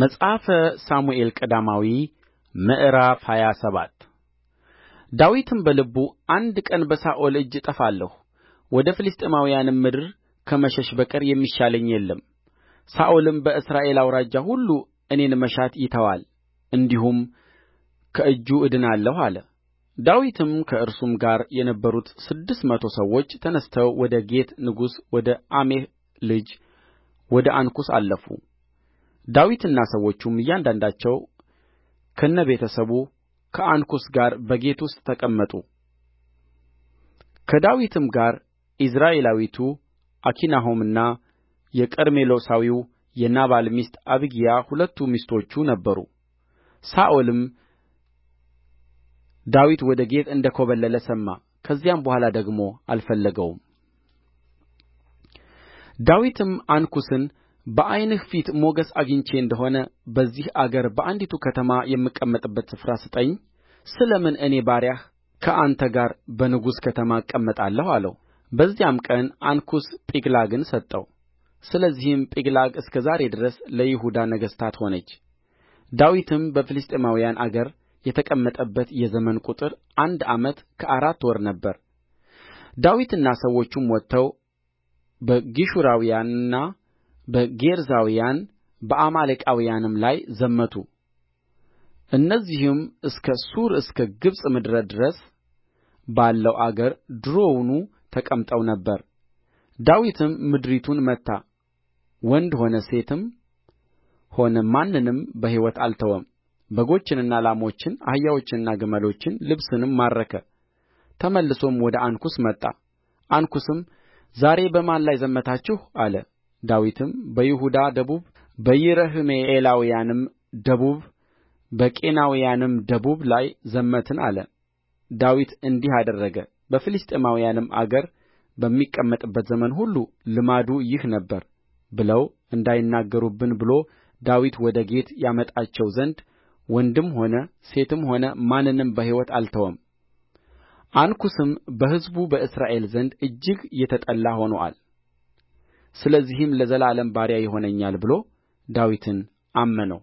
መጽሐፈ ሳሙኤል ቀዳማዊ ምዕራፍ ሃያ ሰባት ዳዊትም በልቡ አንድ ቀን በሳኦል እጅ እጠፋለሁ፣ ወደ ፍልስጥኤማውያንም ምድር ከመሸሽ በቀር የሚሻለኝ የለም፣ ሳኦልም በእስራኤል አውራጃ ሁሉ እኔን መሻት ይተዋል፣ እንዲሁም ከእጁ እድናለሁ አለ። ዳዊትም ከእርሱም ጋር የነበሩት ስድስት መቶ ሰዎች ተነሥተው ወደ ጌት ንጉሥ ወደ አሜህ ልጅ ወደ አንኩስ አለፉ። ዳዊትና ሰዎቹም እያንዳንዳቸው ከነ ቤተ ሰቡ ከአንኩስ ጋር በጌት ውስጥ ተቀመጡ ከዳዊትም ጋር ኢይዝራኤላዊቱ አኪናሆምና የቀርሜሎሳዊው የናባል ሚስት አቢግያ ሁለቱ ሚስቶቹ ነበሩ ሳኦልም ዳዊት ወደ ጌት እንደ ኰበለለ ሰማ ከዚያም በኋላ ደግሞ አልፈለገውም ዳዊትም አንኩስን በዓይንህ ፊት ሞገስ አግኝቼ እንደ ሆነ በዚህ አገር በአንዲቱ ከተማ የምቀመጥበት ስፍራ ስጠኝ ስለ ምን እኔ ባሪያህ ከአንተ ጋር በንጉሥ ከተማ እቀመጣለሁ አለው በዚያም ቀን አንኩስ ጺቅላግን ሰጠው ስለዚህም ጺቅላግ እስከ ዛሬ ድረስ ለይሁዳ ነገሥታት ሆነች ዳዊትም በፍልስጥኤማውያን አገር የተቀመጠበት የዘመን ቍጥር አንድ ዓመት ከአራት ወር ነበረ ዳዊትና ሰዎቹም ወጥተው በጌሹራውያንና በጌርዛውያን በአማሌቃውያንም ላይ ዘመቱ እነዚህም እስከ ሱር እስከ ግብጽ ምድር ድረስ ባለው አገር ድሮውኑ ተቀምጠው ነበር ዳዊትም ምድሪቱን መታ ወንድ ሆነ ሴትም ሆነ ማንንም በሕይወት አልተወም በጎችንና ላሞችን አህያዎችንና ግመሎችን ልብስንም ማረከ ተመልሶም ወደ አንኩስ መጣ አንኩስም ዛሬ በማን ላይ ዘመታችሁ አለ ዳዊትም በይሁዳ ደቡብ በይረሕምኤላውያንም ደቡብ በቄናውያንም ደቡብ ላይ ዘመትን አለ ዳዊት እንዲህ አደረገ በፍልስጥኤማውያንም አገር በሚቀመጥበት ዘመን ሁሉ ልማዱ ይህ ነበረ ብለው እንዳይናገሩብን ብሎ ዳዊት ወደ ጌት ያመጣቸው ዘንድ ወንድም ሆነ ሴትም ሆነ ማንንም በሕይወት አልተወም አንኩስም በሕዝቡ በእስራኤል ዘንድ እጅግ የተጠላ ሆኖአል ስለዚህም ለዘላለም ባሪያ ይሆነኛል ብሎ ዳዊትን አመነው